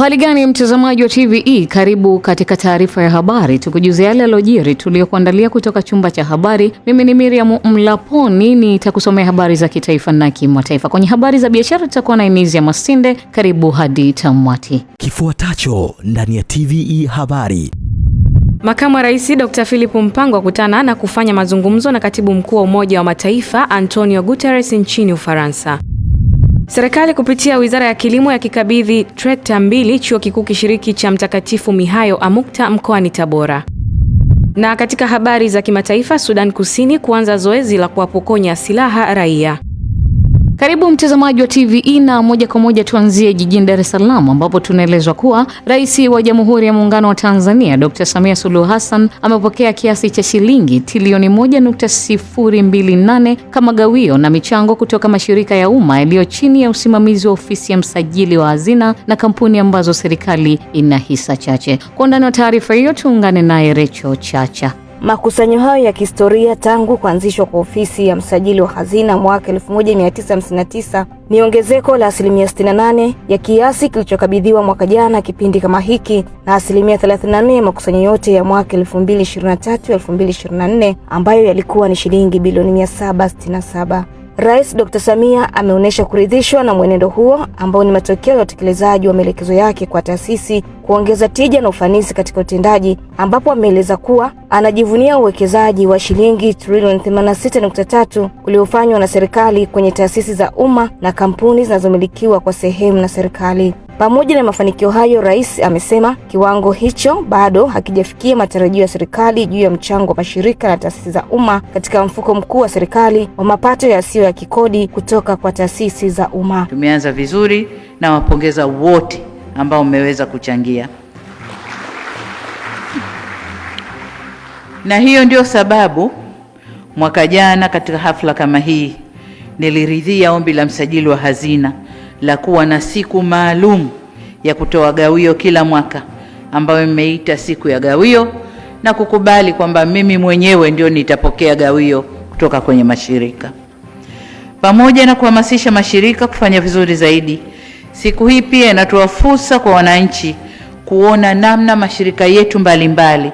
Uhali gani mtazamaji wa TVE, karibu katika taarifa ya habari, tukujuze yale yalojiri tuliyokuandalia kutoka chumba cha habari. Mimi ni Miriam Mlaponi, nitakusomea habari za kitaifa na kimataifa. Kwenye habari za biashara tutakuwa na Inizi ya Masinde. Karibu hadi tamati. Kifuatacho ndani ya TVE habari. Makamu wa Rais Dr. Philip Mpango akutana na kufanya mazungumzo na Katibu Mkuu wa Umoja wa Mataifa Antonio Guterres nchini Ufaransa. Serikali kupitia Wizara ya Kilimo yakikabidhi trekta mbili Chuo Kikuu Kishiriki cha Mtakatifu Mihayo Amukta mkoani Tabora. Na katika habari za kimataifa, Sudan Kusini kuanza zoezi la kuwapokonya silaha raia. Karibu mtazamaji wa TVE na moja kwa moja tuanzie jijini Dar es Salaam ambapo tunaelezwa kuwa Rais wa Jamhuri ya Muungano wa Tanzania Dr. Samia Suluhu Hassan amepokea kiasi cha shilingi trilioni 1.028 kama gawio na michango kutoka mashirika ya umma yaliyo chini ya usimamizi wa ofisi ya msajili wa hazina na kampuni ambazo serikali ina hisa chache. Kwa undani wa taarifa hiyo tuungane naye Recho Chacha. Makusanyo hayo ya kihistoria tangu kuanzishwa kwa ofisi ya msajili wa hazina mwaka 1959 ni ongezeko la asilimia 68 ya kiasi kilichokabidhiwa mwaka jana kipindi kama hiki na asilimia 34 ya makusanyo yote ya mwaka 2023-2024 ambayo yalikuwa ni shilingi bilioni 767. Rais Dr. Samia ameonyesha kuridhishwa na mwenendo huo ambao ni matokeo ya utekelezaji wa maelekezo yake kwa taasisi kuongeza tija na ufanisi katika utendaji, ambapo ameeleza kuwa anajivunia uwekezaji wa shilingi trilioni 86.3 uliofanywa na serikali kwenye taasisi za umma na kampuni zinazomilikiwa kwa sehemu na serikali. Pamoja na mafanikio hayo, rais amesema kiwango hicho bado hakijafikia matarajio ya serikali juu ya mchango wa mashirika na taasisi za umma katika mfuko mkuu wa serikali wa mapato yasiyo ya kikodi kutoka kwa taasisi za umma. Tumeanza vizuri na wapongeza wote ambao mmeweza kuchangia, na hiyo ndio sababu mwaka jana katika hafla kama hii niliridhia ombi la msajili wa hazina la kuwa na siku maalum ya kutoa gawio kila mwaka ambayo imeita siku ya gawio na kukubali kwamba mimi mwenyewe ndio nitapokea gawio kutoka kwenye mashirika pamoja na kuhamasisha mashirika kufanya vizuri zaidi. Siku hii pia inatoa fursa kwa wananchi kuona namna mashirika yetu mbalimbali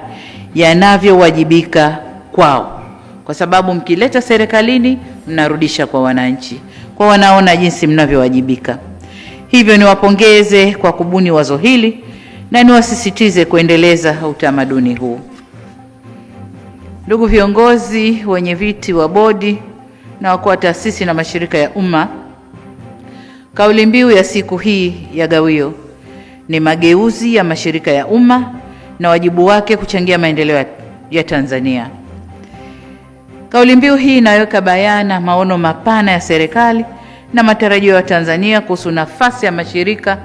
yanavyowajibika kwao, kwa sababu mkileta serikalini mnarudisha kwa wananchi, kwa wanaona jinsi mnavyowajibika. Hivyo niwapongeze kwa kubuni wazo hili na niwasisitize kuendeleza utamaduni huu. Ndugu viongozi, wenye viti wa bodi na wakuu wa taasisi na mashirika ya umma Kauli mbiu ya siku hii ya gawio ni mageuzi ya mashirika ya umma na wajibu wake kuchangia maendeleo ya Tanzania. Kauli mbiu hii inaweka bayana maono mapana ya serikali na matarajio ya Tanzania kuhusu nafasi ya mashirika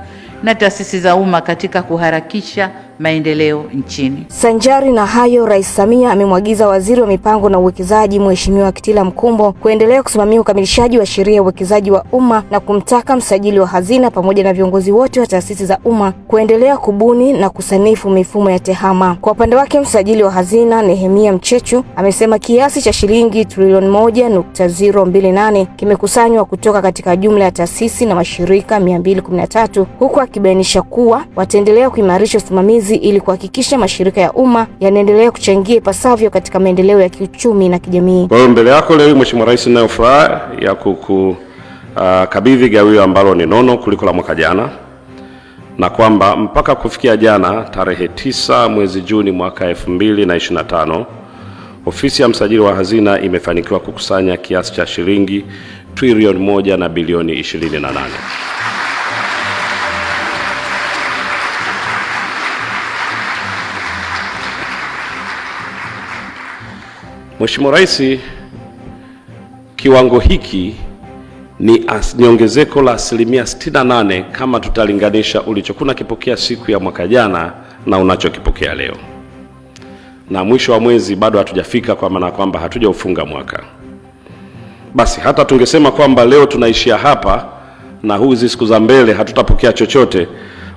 na taasisi za umma katika kuharakisha maendeleo nchini. Sanjari na hayo, Rais Samia amemwagiza Waziri wa Mipango na Uwekezaji Mheshimiwa Kitila Mkumbo kuendelea kusimamia ukamilishaji wa sheria ya uwekezaji wa umma na kumtaka msajili wa hazina pamoja na viongozi wote wa taasisi za umma kuendelea kubuni na kusanifu mifumo ya tehama. Kwa upande wake, msajili wa hazina Nehemia Mchechu amesema kiasi cha shilingi trilioni 1.028 kimekusanywa kutoka katika jumla ya taasisi na mashirika 213 huku akibainisha kuwa wataendelea kuimarisha usimamizi kazi ili kuhakikisha mashirika ya umma yanaendelea kuchangia ipasavyo katika maendeleo ya kiuchumi na kijamii. Kwa hiyo mbele yako leo Mheshimiwa Rais, ninayo furaha ya kukabidhi ah, uh, gawio ambalo ni nono kuliko la mwaka jana na kwamba mpaka kufikia jana tarehe tisa mwezi Juni mwaka 2025 ofisi ya msajili wa hazina imefanikiwa kukusanya kiasi cha shilingi trilioni moja na bilioni 28. Mheshimiwa Rais, kiwango hiki ni ongezeko la asilimia 68 kama tutalinganisha ulichokuwa unakipokea siku ya mwaka jana na unachokipokea leo, na mwisho wa mwezi bado hatujafika, kwa maana ya kwamba hatujaufunga mwaka. Basi hata tungesema kwamba leo tunaishia hapa na hizi siku za mbele hatutapokea chochote,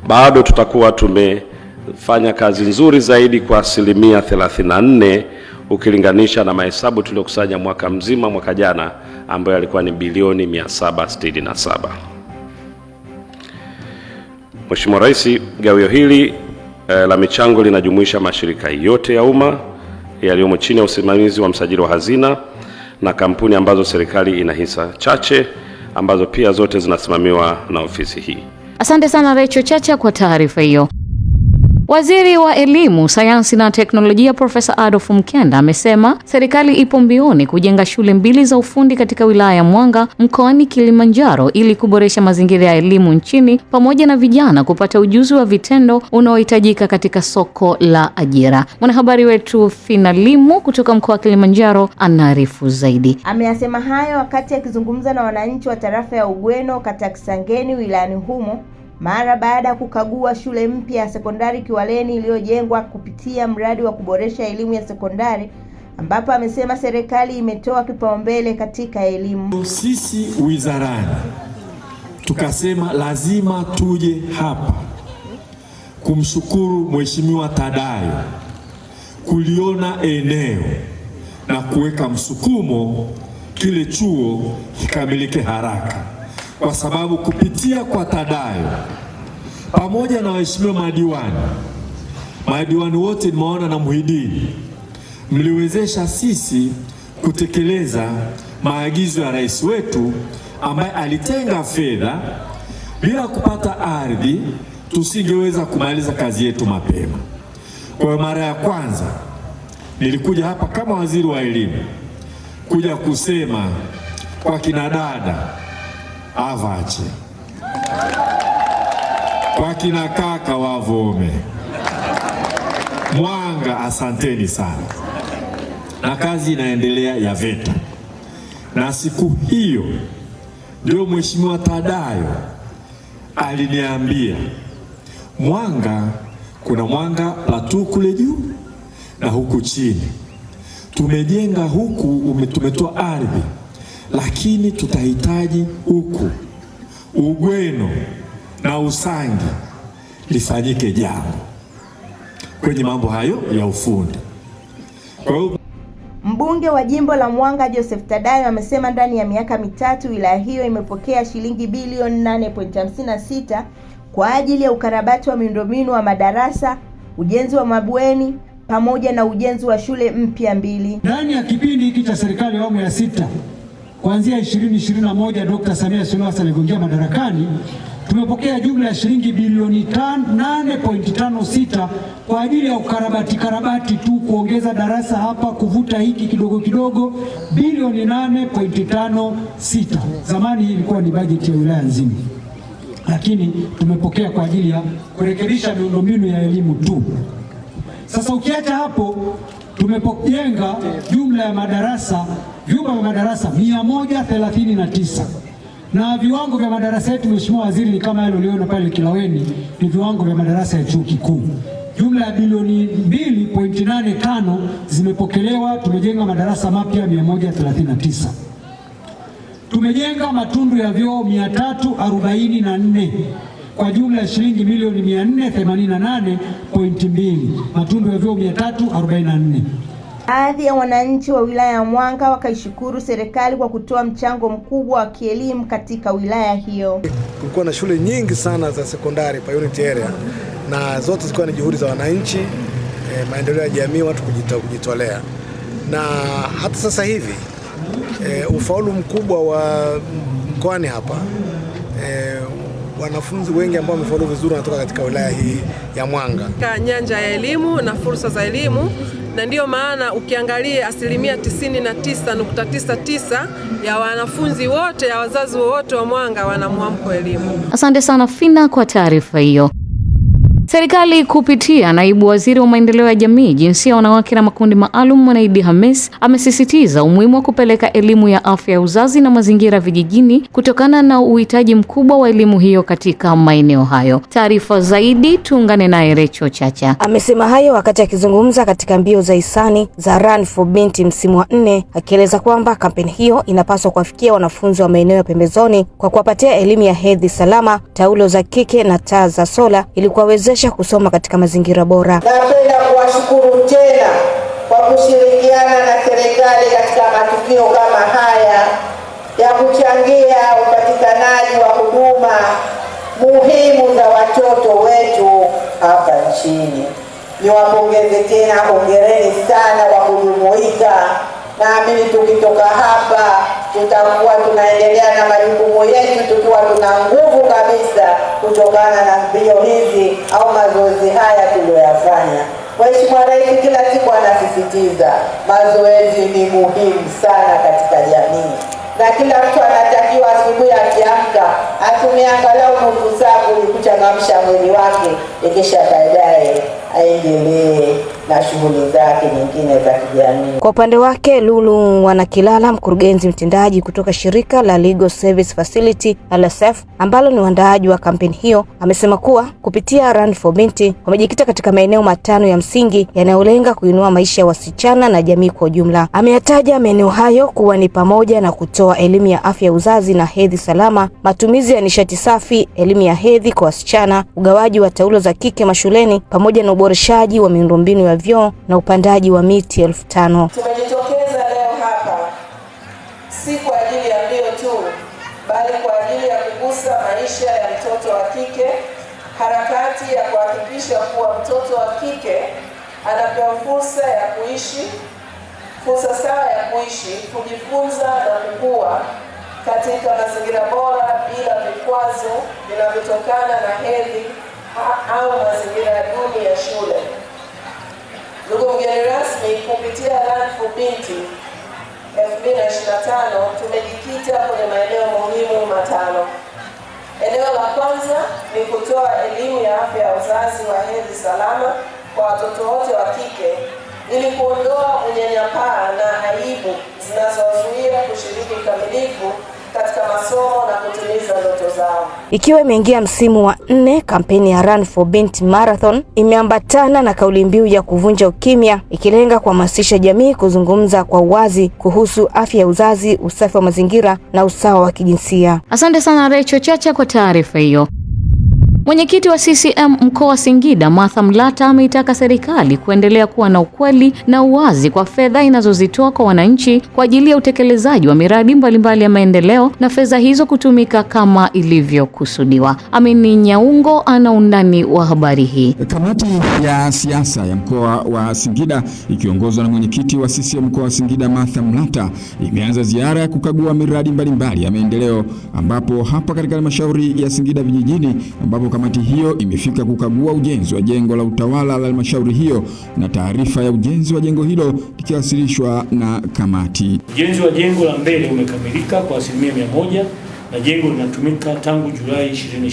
bado tutakuwa tumefanya kazi nzuri zaidi kwa asilimia 34 ukilinganisha na mahesabu tuliyokusanya mwaka mzima mwaka jana ambayo yalikuwa ni bilioni 767. Mheshimiwa Rais, gawio hili eh, la michango linajumuisha mashirika yote ya umma yaliyomo chini ya usimamizi wa msajili wa hazina na kampuni ambazo serikali ina hisa chache ambazo pia zote zinasimamiwa na ofisi hii. Asante sana Rachel Chacha kwa taarifa hiyo. Waziri wa Elimu, Sayansi na Teknolojia Profesa Adolf Mkenda amesema serikali ipo mbioni kujenga shule mbili za ufundi katika wilaya ya Mwanga mkoani Kilimanjaro ili kuboresha mazingira ya elimu nchini pamoja na vijana kupata ujuzi wa vitendo unaohitajika katika soko la ajira. Mwanahabari wetu Fina Limu kutoka mkoa wa Kilimanjaro anaarifu zaidi. Ameyasema hayo wakati akizungumza na wananchi wa tarafa ya Ugweno, kata Kisangeni, wilayani humo mara baada ya kukagua shule mpya ya sekondari Kiwaleni iliyojengwa kupitia mradi wa kuboresha elimu ya sekondari ambapo amesema serikali imetoa kipaumbele katika elimu. Sisi wizarani tukasema lazima tuje hapa kumshukuru Mheshimiwa Tadayo kuliona eneo na kuweka msukumo kile chuo kikamilike haraka kwa sababu kupitia kwa Tadayo pamoja na waheshimiwa madiwani, madiwani wote nimeona na Muhidini, mliwezesha sisi kutekeleza maagizo ya rais wetu ambaye alitenga fedha. Bila kupata ardhi tusingeweza kumaliza kazi yetu mapema. Kwa hiyo mara ya kwanza nilikuja hapa kama waziri wa elimu kuja kusema kwa kina dada avache kwa kina kaka wavome Mwanga, asanteni sana, na kazi inaendelea ya VETA, na siku hiyo ndio Mheshimiwa Tadayo aliniambia Mwanga kuna Mwanga Plateau kule juu na huku chini tumejenga huku, umetumetoa ardhi lakini tutahitaji huku Ugweno na Usangi lifanyike jambo kwenye mambo hayo ya ufundi. Kwa hiyo mbunge wa jimbo la Mwanga Joseph Tadayo amesema ndani ya miaka mitatu wilaya hiyo imepokea shilingi bilioni 8.56 kwa ajili ya ukarabati wa miundombinu wa madarasa, ujenzi wa mabweni pamoja na ujenzi wa shule mpya mbili ndani ya kipindi hiki cha serikali ya awamu ya sita kuanzia 2021 Dr. Samia Suluhu Hassan alipoingia madarakani tumepokea jumla ya shilingi bilioni 8.56 kwa ajili ya ukarabati karabati tu, kuongeza darasa hapa, kuvuta hiki kidogo kidogo, bilioni 8.56. Zamani hii ilikuwa ni bajeti ya wilaya nzima, lakini tumepokea kwa ajili ya kurekebisha miundombinu ya elimu tu. Sasa ukiacha hapo tumepojenga jumla ya madarasa vyumba vya madarasa 139 na viwango vya madarasa yetu, Mheshimiwa Waziri, ni kama yale uliona pale Kilaweni, ni viwango vya madarasa ya chuo kikuu. Jumla ya bilioni 2.85 zimepokelewa. Tumejenga madarasa mapya 139, tumejenga matundu ya vyoo 344 kwa jumla ya shilingi milioni 488.2, matundu ya vyoo 344. Baadhi ya wananchi wa wilaya ya Mwanga wakaishukuru serikali kwa kutoa mchango mkubwa wa kielimu katika wilaya hiyo. Kulikuwa na shule nyingi sana za sekondari pa unit area na zote zilikuwa ni juhudi za wananchi eh, maendeleo ya jamii, watu kujito, kujitolea na hata sasa hivi eh, ufaulu mkubwa wa mkoani hapa eh, wanafunzi wengi ambao wamefaulu vizuri wanatoka katika wilaya hii ya Mwanga. Nyanja ya elimu na fursa za elimu na ndiyo maana ukiangalia asilimia 99.99 ya wanafunzi wote ya wazazi wote wa Mwanga wana mwamko elimu. Asante sana Fina kwa taarifa hiyo. Serikali kupitia naibu waziri wa maendeleo ya jamii, jinsia, wanawake na makundi maalum Mwanaidi Hamis amesisitiza umuhimu wa kupeleka elimu ya afya ya uzazi na mazingira vijijini kutokana na uhitaji mkubwa wa elimu hiyo katika maeneo hayo. Taarifa zaidi tuungane naye Recho Chacha. Amesema hayo wakati akizungumza katika mbio za hisani za Run for Binti msimu wa nne, akieleza kwamba kampeni hiyo inapaswa kuwafikia wanafunzi wa maeneo ya pembezoni kwa kuwapatia elimu ya hedhi salama, taulo za kike na taa za sola ili kuwawezesha kuwawezesha kusoma katika mazingira bora. Napenda kuwashukuru tena kwa kushirikiana na serikali katika matukio kama haya ya kuchangia upatikanaji wa huduma muhimu za watoto wetu hapa nchini. Niwapongeze tena, hongereni sana kwa kujumuika Naamini tukitoka hapa tutakuwa tunaendelea na majukumu yetu tukiwa tuna nguvu kabisa, kutokana na mbio hizi au mazoezi haya tuliyoyafanya. mweshimua Rais kila siku anasisitiza mazoezi ni muhimu sana katika jamii, na kila mtu anatakiwa asubuhi akiamka atumie angalau nusu saa ili kuchangamsha mwili wake, ikisha baadaye aendelee na shughuli zake nyingine za kijamii. Kwa upande wake, Lulu Wanakilala, mkurugenzi mtendaji kutoka shirika la Legal Service Facility LSF, ambalo ni waandaaji wa kampeni hiyo, amesema kuwa kupitia Run for Binti wamejikita katika maeneo matano ya msingi yanayolenga kuinua maisha ya wasichana na jamii kwa ujumla. Ameyataja maeneo hayo kuwa ni pamoja na kutoa elimu ya afya ya uzazi na hedhi salama, matumizi ya nishati safi, elimu ya hedhi kwa wasichana, ugawaji wa taulo za kike mashuleni, pamoja na uboreshaji wa miundombinu ya vyoo na upandaji wa miti elfu tano. Tumejitokeza leo hapa si kwa ajili ya mbio tu, bali kwa ajili ya kugusa maisha ya mtoto wa kike, harakati ya kuhakikisha kuwa mtoto wa kike anapewa fursa ya kuishi fursa sawa ya kuishi, kujifunza na kukua katika mazingira bora bila vikwazo vinavyotokana na hedhi au mazingira duni ya shule. Ndugu mgeni rasmi, kupitia Run for Binti 2025 tumejikita kwenye maeneo muhimu matano. Eneo la kwanza ni kutoa elimu ya afya ya uzazi wa hedhi salama kwa watoto wote wa kike ili kuondoa unyanyapaa na aibu zinazozuia kushiriki kikamilifu katika masomo na kutimiza ndoto zao. Ikiwa imeingia msimu wa nne, kampeni ya Run for Binti Marathon imeambatana na kauli mbiu ya kuvunja ukimya, ikilenga kuhamasisha jamii kuzungumza kwa uwazi kuhusu afya ya uzazi, usafi wa mazingira na usawa wa kijinsia. Asante sana Rachel Chacha kwa taarifa hiyo. Mwenyekiti wa CCM mkoa wa Singida Martha Mlata ameitaka serikali kuendelea kuwa na ukweli na uwazi kwa fedha inazozitoa kwa wananchi kwa ajili ya utekelezaji wa miradi mbalimbali ya maendeleo na fedha hizo kutumika kama ilivyokusudiwa. Amini Nyaungo ana undani wa habari hii. Kamati ya siasa ya mkoa wa Singida ikiongozwa na mwenyekiti wa CCM mkoa wa Singida Martha Mlata imeanza ziara ya kukagua miradi mbalimbali mbali ya maendeleo ambapo hapa katika halmashauri ya Singida vijijini ambapo kamati hiyo imefika kukagua ujenzi wa jengo la utawala la halmashauri hiyo na taarifa ya ujenzi wa jengo hilo ikiwasilishwa na kamati. Ujenzi wa jengo la mbele umekamilika kwa asilimia mia moja na jengo linatumika tangu Julai 2023.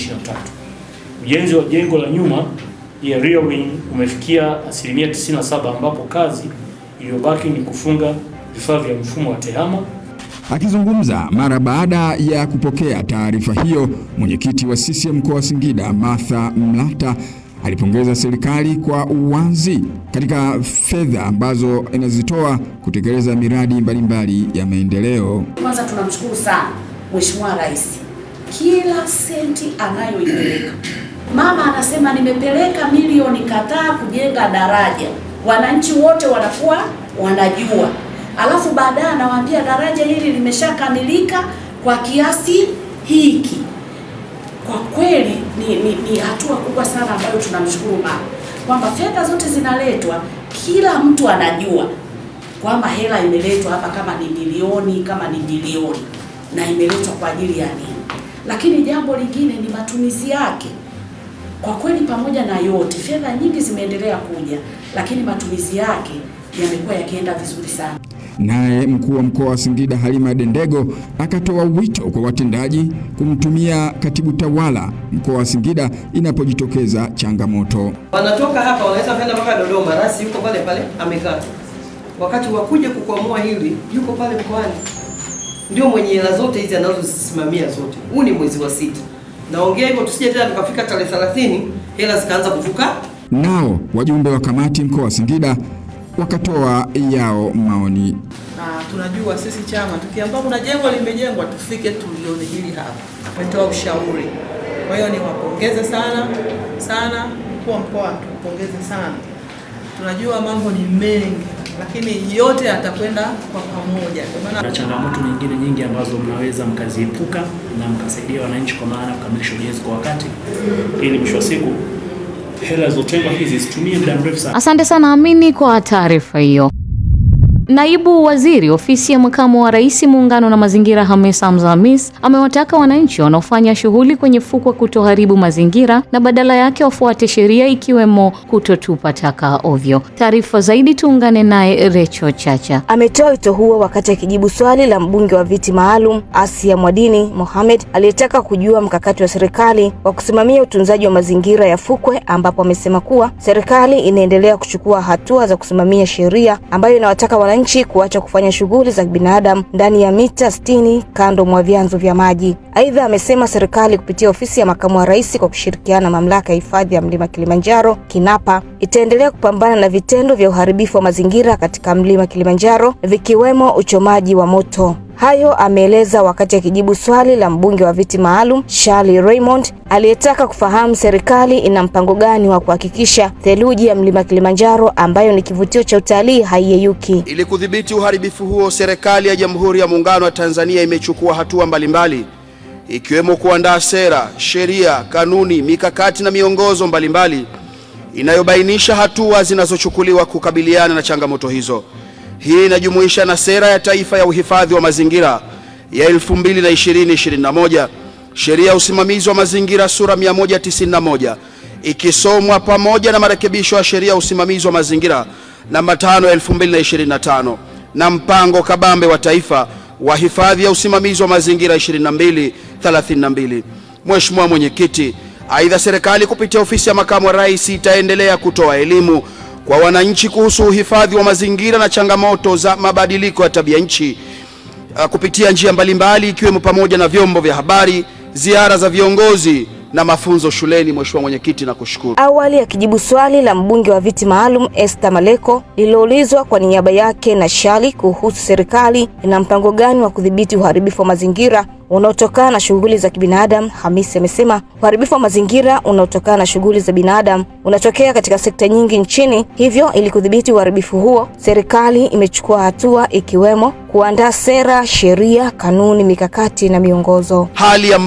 Ujenzi wa jengo la nyuma ya rear wing umefikia asilimia 97 ambapo kazi iliyobaki ni kufunga vifaa vya mfumo wa tehama Akizungumza mara baada ya kupokea taarifa hiyo, mwenyekiti wa CCM mkoa wa Singida Martha Mlata alipongeza serikali kwa uwazi katika fedha ambazo inazitoa kutekeleza miradi mbalimbali mbali ya maendeleo. Kwanza tunamshukuru sana Mheshimiwa Rais, kila senti anayoipeleka mama anasema nimepeleka milioni kadhaa kujenga daraja, wananchi wote wanakuwa wanajua alafu baadaye anawaambia daraja hili limeshakamilika kwa kiasi hiki. Kwa kweli ni, ni, ni hatua kubwa sana ambayo tunamshukuru mama kwamba fedha zote zinaletwa, kila mtu anajua kwamba hela imeletwa hapa, kama ni milioni kama ni bilioni, na imeletwa kwa ajili ya nini. Lakini jambo lingine ni matumizi yake. Kwa kweli, pamoja na yote, fedha nyingi zimeendelea kuja, lakini matumizi yake yamekuwa yakienda vizuri sana. Naye mkuu wa mkoa wa Singida Halima Dendego akatoa wito kwa watendaji kumtumia katibu tawala mkoa wa Singida inapojitokeza changamoto. Wanatoka hapa wanaweza kwenda mpaka Dodoma, rasi yuko pale pale amekaa, wakati wa kuja kukwamua hili yuko pale mkoani, ndio mwenye hela zote hizi anazozisimamia zote. Huu ni mwezi wa sita, naongea hivyo tusije tena tukafika tarehe 30 hela zikaanza kuvuka. Nao wajumbe wa kamati mkoa wa Singida wakatoa yao maoni. Na tunajua sisi chama tukiambia kuna jengo limejengwa tufike tulione hili hapa, umetoa ushauri. Kwa hiyo niwapongeze sana sana, mkuu wa mkoa tupongeze sana. Tunajua mambo ni mengi, lakini yote yatakwenda kwa pamoja, kwa maana changamoto nyingine nyingi ambazo mnaweza mkaziepuka na mkasaidia wananchi, kwa maana kukamilisha ujenzi kwa wakati, ili mwisho wa siku hela zilizotengwa hizi zitumie muda mrefu sana. Asante sana Amini kwa taarifa hiyo. Naibu Waziri Ofisi ya Makamu wa Rais Muungano na Mazingira Hamis Hamza Hamis amewataka wananchi wanaofanya shughuli kwenye fukwe kutoharibu mazingira na badala yake wafuate sheria ikiwemo kutotupa taka ovyo. Taarifa zaidi tuungane naye Recho Chacha. Ametoa wito huo wakati akijibu swali la mbunge wa viti maalum Asia Mwadini Mohamed aliyetaka kujua mkakati wa serikali wa kusimamia utunzaji wa mazingira ya fukwe, ambapo amesema kuwa serikali inaendelea kuchukua hatua za kusimamia sheria ambayo inawataka wananchi wananchi kuacha kufanya shughuli za binadamu ndani ya mita 60 kando mwa vyanzo vya maji. Aidha, amesema serikali kupitia ofisi ya makamu wa rais kwa kushirikiana na mamlaka ya hifadhi ya mlima Kilimanjaro KINAPA itaendelea kupambana na vitendo vya uharibifu wa mazingira katika mlima Kilimanjaro vikiwemo uchomaji wa moto. Hayo ameeleza wakati akijibu swali la mbunge wa viti maalum Shali Raymond aliyetaka kufahamu serikali ina mpango gani wa kuhakikisha theluji ya mlima Kilimanjaro ambayo ni kivutio cha utalii haiyeyuki. Ili kudhibiti uharibifu huo, serikali ya Jamhuri ya Muungano wa Tanzania imechukua hatua mbalimbali ikiwemo kuandaa sera, sheria, kanuni, mikakati na miongozo mbalimbali inayobainisha hatua zinazochukuliwa kukabiliana na changamoto hizo. Hii inajumuisha na sera ya taifa ya uhifadhi wa mazingira ya 2020-2021, sheria ya usimamizi wa mazingira sura 191 ikisomwa pamoja na marekebisho ya sheria ya usimamizi wa mazingira namba 5 ya 2025 na mpango kabambe wa taifa wa hifadhi ya usimamizi wa mazingira 2232. Mheshimiwa Mwenyekiti, aidha serikali kupitia ofisi ya makamu wa rais itaendelea kutoa elimu kwa wananchi kuhusu uhifadhi wa mazingira na changamoto za mabadiliko ya tabia nchi uh, kupitia njia mbalimbali ikiwemo pamoja na vyombo vya habari, ziara za viongozi na mafunzo shuleni. Mheshimiwa Mwenyekiti, na kushukuru. Awali akijibu swali la mbunge wa viti maalum Esther Maleko lililoulizwa kwa niaba yake na Shali kuhusu serikali ina mpango gani wa kudhibiti uharibifu wa mazingira unaotokana na shughuli za kibinadamu, Hamisi amesema uharibifu wa mazingira unaotokana na shughuli za binadamu unatokea katika sekta nyingi nchini, hivyo ili kudhibiti uharibifu huo, serikali imechukua hatua ikiwemo kuandaa sera, sheria, kanuni, mikakati na miongozo. Hali ya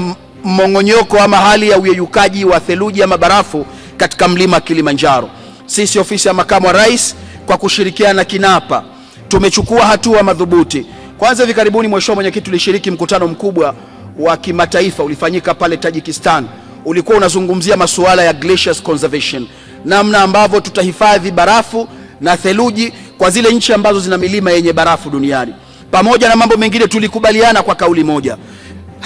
mmong'onyoko ama hali ya uyeyukaji wa theluji ama barafu katika mlima Kilimanjaro. Sisi ofisi ya makamu wa rais kwa kushirikiana na KINAPA tumechukua hatua madhubuti. Kwanza, hivi karibuni, mheshimiwa mwenyekiti, tulishiriki mkutano mkubwa wa kimataifa ulifanyika pale Tajikistan, ulikuwa unazungumzia masuala ya glaciers conservation, namna ambavyo tutahifadhi barafu na theluji kwa zile nchi ambazo zina milima yenye barafu duniani. Pamoja na mambo mengine, tulikubaliana kwa kauli moja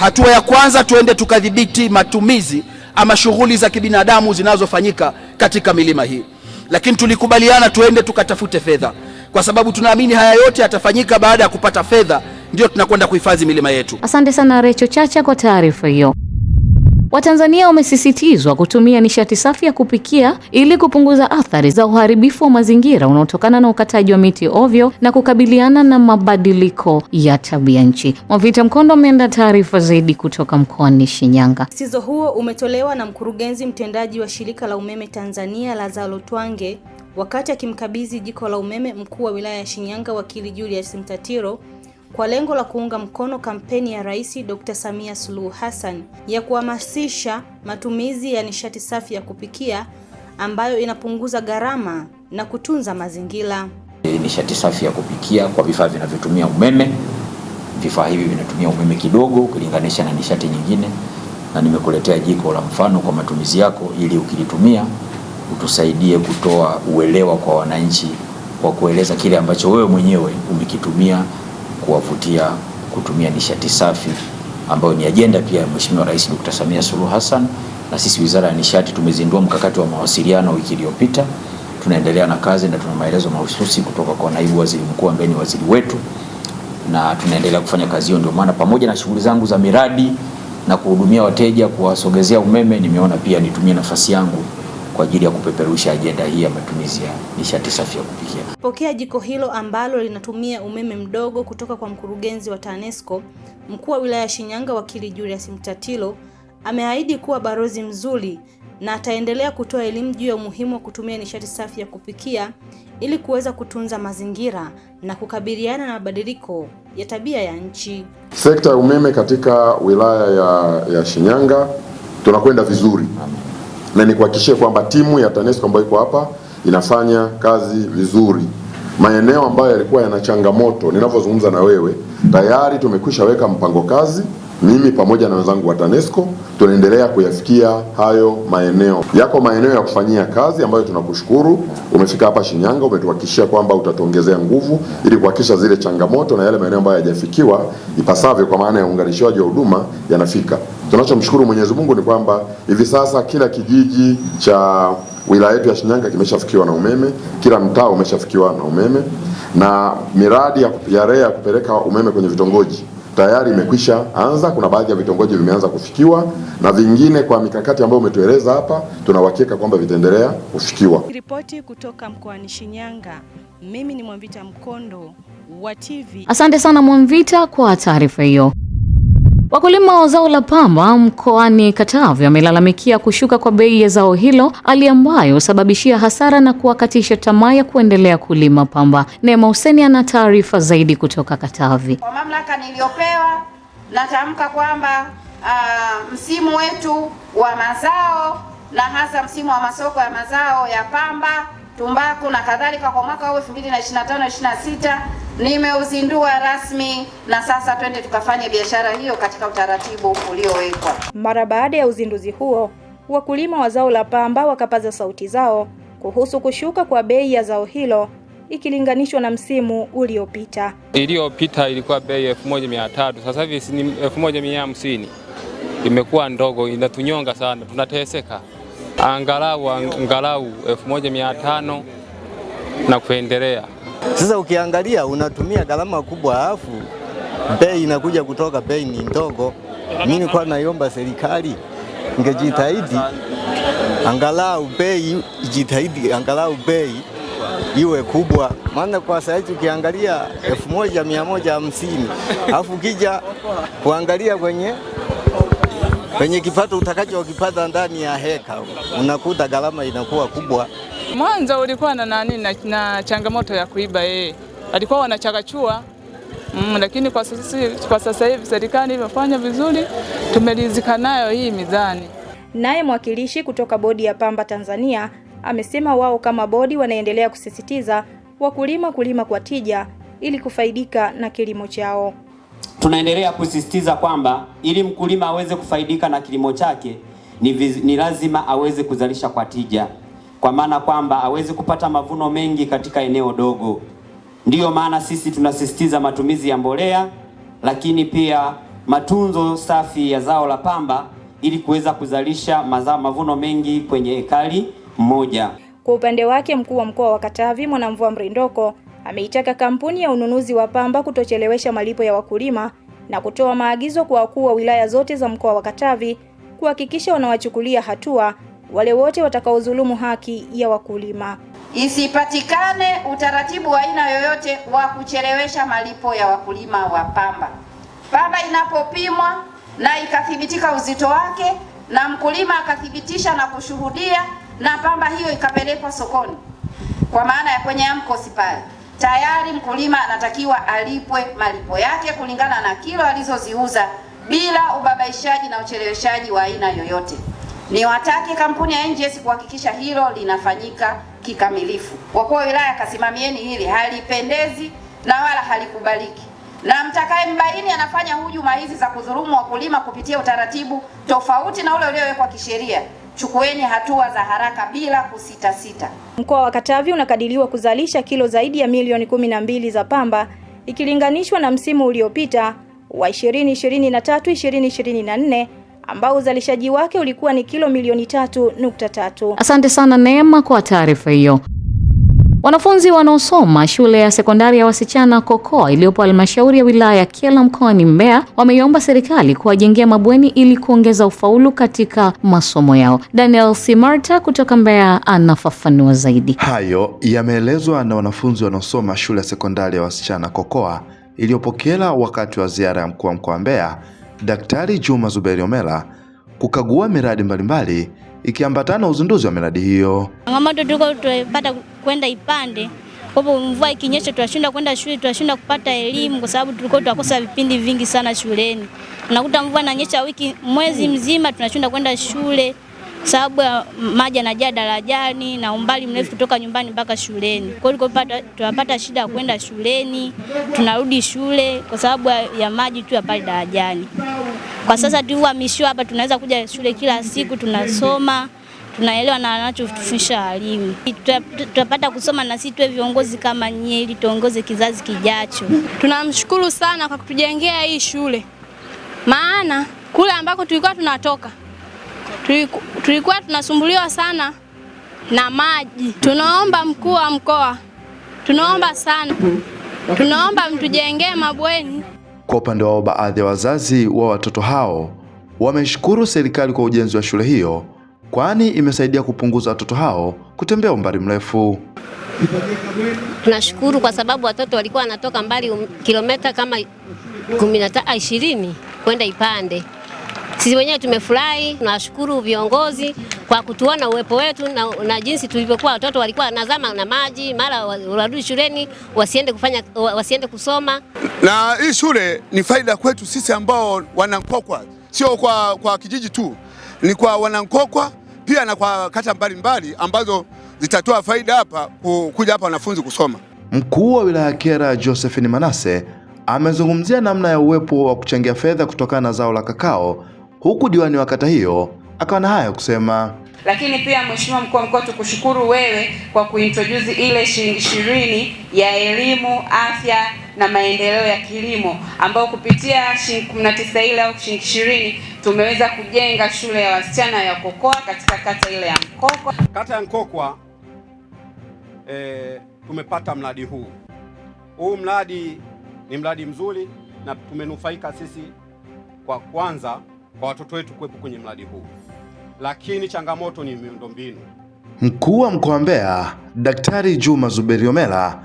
Hatua ya kwanza tuende tukadhibiti matumizi ama shughuli za kibinadamu zinazofanyika katika milima hii, lakini tulikubaliana tuende tukatafute fedha, kwa sababu tunaamini haya yote yatafanyika baada ya kupata fedha, ndio tunakwenda kuhifadhi milima yetu. Asante sana Recho Chacha kwa taarifa hiyo. Watanzania wamesisitizwa kutumia nishati safi ya kupikia ili kupunguza athari za uharibifu wa mazingira unaotokana na ukataji wa miti ovyo na kukabiliana na mabadiliko ya tabia nchi. Mwavita Mkondo ameenda taarifa zaidi kutoka mkoani Shinyanga. Sizo huo umetolewa na mkurugenzi mtendaji wa shirika la umeme Tanzania Lazaro Twange wakati akimkabidhi jiko la umeme mkuu wa wilaya ya Shinyanga wakili Julius Mtatiro kwa lengo la kuunga mkono kampeni ya Rais Dr. Samia Suluhu Hassan ya kuhamasisha matumizi ya nishati safi ya kupikia ambayo inapunguza gharama na kutunza mazingira. Nishati safi ya kupikia kwa vifaa vinavyotumia umeme. Vifaa hivi vinatumia umeme kidogo ukilinganisha na nishati nyingine, na nimekuletea jiko la mfano kwa matumizi yako, ili ukilitumia utusaidie kutoa uelewa kwa wananchi kwa kueleza kile ambacho wewe mwenyewe umekitumia kuwavutia kutumia nishati safi ambayo ni ajenda pia ya Mheshimiwa Rais Dr. Samia Suluhu Hassan, na sisi Wizara ya Nishati tumezindua mkakati wa mawasiliano wiki iliyopita. Tunaendelea na kazi na tuna maelezo mahususi kutoka kwa Naibu Waziri Mkuu ambaye ni waziri wetu, na tunaendelea kufanya kazi hiyo. Ndio maana pamoja na shughuli zangu za miradi na kuhudumia wateja, kuwasogezea umeme, nimeona pia nitumie nafasi yangu kwa ajili ya kupeperusha ajenda hii ya matumizi ya nishati safi ya kupikia. Pokea jiko hilo ambalo linatumia umeme mdogo kutoka kwa mkurugenzi wa TANESCO mkuu wa wilaya ya Shinyanga, wakili Julius Mtatilo ameahidi kuwa barozi mzuri na ataendelea kutoa elimu juu ya umuhimu wa kutumia nishati safi ya kupikia ili kuweza kutunza mazingira na kukabiliana na mabadiliko ya tabia ya nchi. Sekta ya umeme katika wilaya ya, ya Shinyanga tunakwenda vizuri na nikuhakikishie kwamba timu ya TANESCO ambayo iko hapa inafanya kazi vizuri. Maeneo ambayo yalikuwa yana changamoto, ninavyozungumza na wewe, tayari tumekwisha weka mpango kazi mimi pamoja na wenzangu wa TANESCO tunaendelea kuyafikia hayo maeneo. Yako maeneo ya kufanyia kazi ambayo tunakushukuru, umefika hapa Shinyanga, umetuhakikishia kwamba utatuongezea nguvu ili kuhakikisha zile changamoto na yale maeneo ambayo hayajafikiwa ipasavyo, kwa maana ya uunganishaji wa huduma yanafika. Tunachomshukuru Mwenyezi Mungu ni kwamba hivi sasa kila kijiji cha wilaya yetu ya Shinyanga kimeshafikiwa na umeme, kila mtaa umeshafikiwa na umeme, na miradi ya REA ya kupeleka umeme kwenye vitongoji tayari eh. imekwisha anza. Kuna baadhi ya vitongoji vimeanza kufikiwa na vingine, kwa mikakati ambayo umetueleza hapa, tunawakika kwamba vitaendelea kufikiwa. Ripoti kutoka mkoani Shinyanga, mimi ni Mwamvita Mkondo wa TV. Asante sana Mwamvita kwa taarifa hiyo. Wakulima wa zao la pamba mkoani Katavi wamelalamikia kushuka kwa bei ya zao hilo, hali ambayo husababishia hasara na kuwakatisha tamaa ya kuendelea kulima pamba. Neema Huseni ana taarifa zaidi kutoka Katavi. Kwa mamlaka niliyopewa, natamka kwamba uh, msimu wetu wa mazao na hasa msimu wa masoko ya mazao ya pamba, tumbaku na kadhalika kwa mwaka huu 2025 26 nimeuzindua rasmi na sasa twende tukafanye biashara hiyo katika utaratibu uliowekwa. Mara baada ya uzinduzi huo, wakulima wa zao la pamba wakapaza sauti zao kuhusu kushuka kwa bei ya zao hilo ikilinganishwa na msimu uliopita. Iliyopita ilikuwa bei 1300, sasa hivi ni 1150. Imekuwa ndogo, inatunyonga sana, tunateseka. Angalau angalau 1500 na kuendelea. Sasa ukiangalia unatumia gharama kubwa, alafu bei inakuja kutoka, bei ni ndogo. Mimi nilikuwa naiomba serikali ingejitahidi angalau bei ijitahidi angalau bei iwe kubwa, maana kwa saizi ukiangalia elfu moja mia moja hamsini alafu ukija kuangalia kwenye kwenye kipato utakachokipata ndani ya heka unakuta gharama inakuwa kubwa. Mwanza ulikuwa na nani na, na changamoto ya kuiba yeye alikuwa wanachakachua mm, lakini kwa sasa, kwa sasa hivi serikali imefanya vizuri, tumelizika nayo hii mizani. Naye mwakilishi kutoka bodi ya pamba Tanzania amesema wao kama bodi wanaendelea kusisitiza wakulima kulima kwa tija ili kufaidika na kilimo chao. Tunaendelea kusisitiza kwamba ili mkulima aweze kufaidika na kilimo chake ni, viz, ni lazima aweze kuzalisha kwa tija kwa maana kwamba hawezi kupata mavuno mengi katika eneo dogo. Ndiyo maana sisi tunasisitiza matumizi ya mbolea, lakini pia matunzo safi ya zao la pamba ili kuweza kuzalisha mazao mavuno mengi kwenye ekari moja. Kwa upande wake, mkuu wa mkoa wa Katavi Mwanamvua Mrindoko ameitaka kampuni ya ununuzi wa pamba kutochelewesha malipo ya wakulima na kutoa maagizo kwa wakuu wa wilaya zote za mkoa wa Katavi kuhakikisha wanawachukulia hatua wale wote watakaodhulumu haki ya wakulima. Isipatikane utaratibu wa aina yoyote wa kuchelewesha malipo ya wakulima wa pamba. Pamba inapopimwa na ikathibitika uzito wake na mkulima akathibitisha na kushuhudia na pamba hiyo ikapelekwa sokoni, kwa maana ya kwenye amkosi pale, tayari mkulima anatakiwa alipwe malipo yake kulingana na kilo alizoziuza bila ubabaishaji na ucheleweshaji wa aina yoyote. Niwatake kampuni ya NGS kuhakikisha hilo linafanyika kikamilifu. Wakuu wa wilaya, kasimamieni hili, halipendezi na wala halikubaliki, na mtakaye mbaini anafanya hujuma hizi za kudhulumu wakulima kupitia utaratibu tofauti na ule uliowekwa kisheria Chukueni hatua za haraka bila kusitasita. Mkoa wa Katavi unakadiriwa kuzalisha kilo zaidi ya milioni 12 za pamba ikilinganishwa na msimu uliopita wa 2023 2024 ambao uzalishaji wake ulikuwa ni kilo milioni tatu nukta tatu. Asante sana Neema kwa taarifa hiyo. Wanafunzi wanaosoma shule ya sekondari ya wasichana Kokoa iliyopo halmashauri ya wilaya ya Kyela mkoani Mbeya wameiomba serikali kuwajengea mabweni ili kuongeza ufaulu katika masomo yao. Daniel Simarta kutoka Mbeya anafafanua zaidi. Hayo yameelezwa na wanafunzi wanaosoma shule ya sekondari ya wasichana Kokoa iliyopo Kyela wakati wa ziara ya mkuu wa mkoa wa Mbeya Daktari Juma Zuberi Omela kukagua miradi mbalimbali ikiambatana uzinduzi wa miradi hiyo. Changamoto tuko tupata kwenda Ipande, kwa mvua ikinyesha tunashinda kwenda shule, tunashinda kupata elimu kwa sababu tulikuwa tunakosa vipindi vingi sana shuleni. Unakuta mvua inanyesha wiki mwezi mzima, tunashinda kwenda shule sababu ya maji yanajaa darajani na umbali mrefu kutoka nyumbani mpaka shuleni. Kwa hiyo tunapata shida ya kwenda shuleni, tunarudi shule kwa sababu ya maji tu ya pale darajani. Kwa sasa tuhamishiwa hapa, tunaweza kuja shule kila siku, tunasoma tunaelewa na anachotufundisha walimu. Tutapata kusoma na sisi tuwe viongozi kama nyie, ili tuongoze kizazi kijacho. Tunamshukuru sana kwa kutujengea hii shule, maana kule ambako tulikuwa tunatoka tuliku, tulikuwa tunasumbuliwa sana na maji. Tunaomba mkuu wa mkoa, tunaomba sana, tunaomba mtujengee mabweni. Kwa upande wao, baadhi ya wazazi wa watoto hao wameshukuru serikali kwa ujenzi wa shule hiyo, kwani imesaidia kupunguza watoto hao kutembea umbali mrefu. Tunashukuru kwa sababu watoto walikuwa wanatoka mbali um, kilomita kama 15 20 kwenda Ipande. Sisi wenyewe tumefurahi, tunawashukuru viongozi kwa kutuona uwepo wetu na, na jinsi tulivyokuwa watoto walikuwa nazama na maji, mara warudi shuleni wasiende kufanya wasiende kusoma. Na hii shule ni faida kwetu sisi ambao Wanankokwa, sio kwa, kwa kijiji tu, ni kwa Wanankokwa pia na kwa kata mbalimbali ambazo zitatoa faida hapa kuja hapa wanafunzi kusoma. Mkuu wa wilaya kera Josephine Manase amezungumzia namna ya uwepo wa kuchangia fedha kutokana na zao la kakao huku diwani wa kata hiyo akawa na haya kusema. Lakini pia Mheshimiwa mkuu wa mkoa, tukushukuru wewe kwa kuintroduce ile shilingi ishirini ya elimu, afya na maendeleo ya kilimo, ambao kupitia shilingi kumi na tisa ile au shilingi ishirini tumeweza kujenga shule ya wasichana ya kokoa katika kata ile ya Mkokwa. Kata ya Mkokwa e, tumepata mradi huu. Huu mradi ni mradi mzuri na tumenufaika sisi kwa kwanza kwa watoto wetu kuwepo kwenye mradi huu, lakini changamoto ni miundombinu. Mkuu wa mkoa Mbeya Daktari Juma Zuberi Homera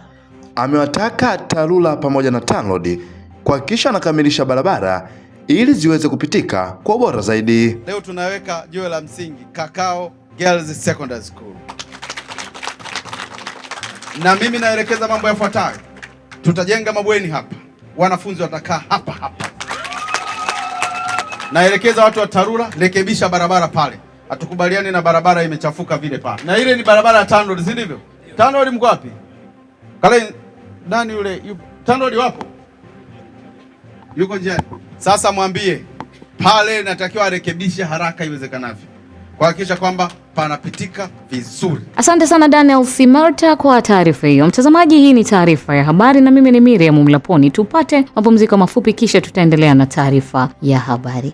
amewataka TARURA pamoja na TANROADS kuhakikisha anakamilisha barabara ili ziweze kupitika kwa ubora zaidi. Leo tunaweka jiwe la msingi Kakao Girls Secondary School, na mimi naelekeza mambo yafuatayo: tutajenga mabweni hapa, wanafunzi watakaa hapa hapa naelekeza watu wa TARURA, rekebisha barabara pale, hatukubaliani na barabara imechafuka vile pale, na ile ni barabara ya TANROADS, si ndivyo? TANROADS mko wapi? Kale nani yule TANROADS wapo, yuko njiani. Sasa mwambie pale, natakiwa arekebishe haraka iwezekanavyo kuhakikisha kwamba panapitika vizuri. Asante sana Daniel Simarta kwa taarifa hiyo. Mtazamaji, hii ni taarifa ya habari na mimi ni Miriam Mlaponi. Tupate mapumziko mafupi, kisha tutaendelea na taarifa ya habari.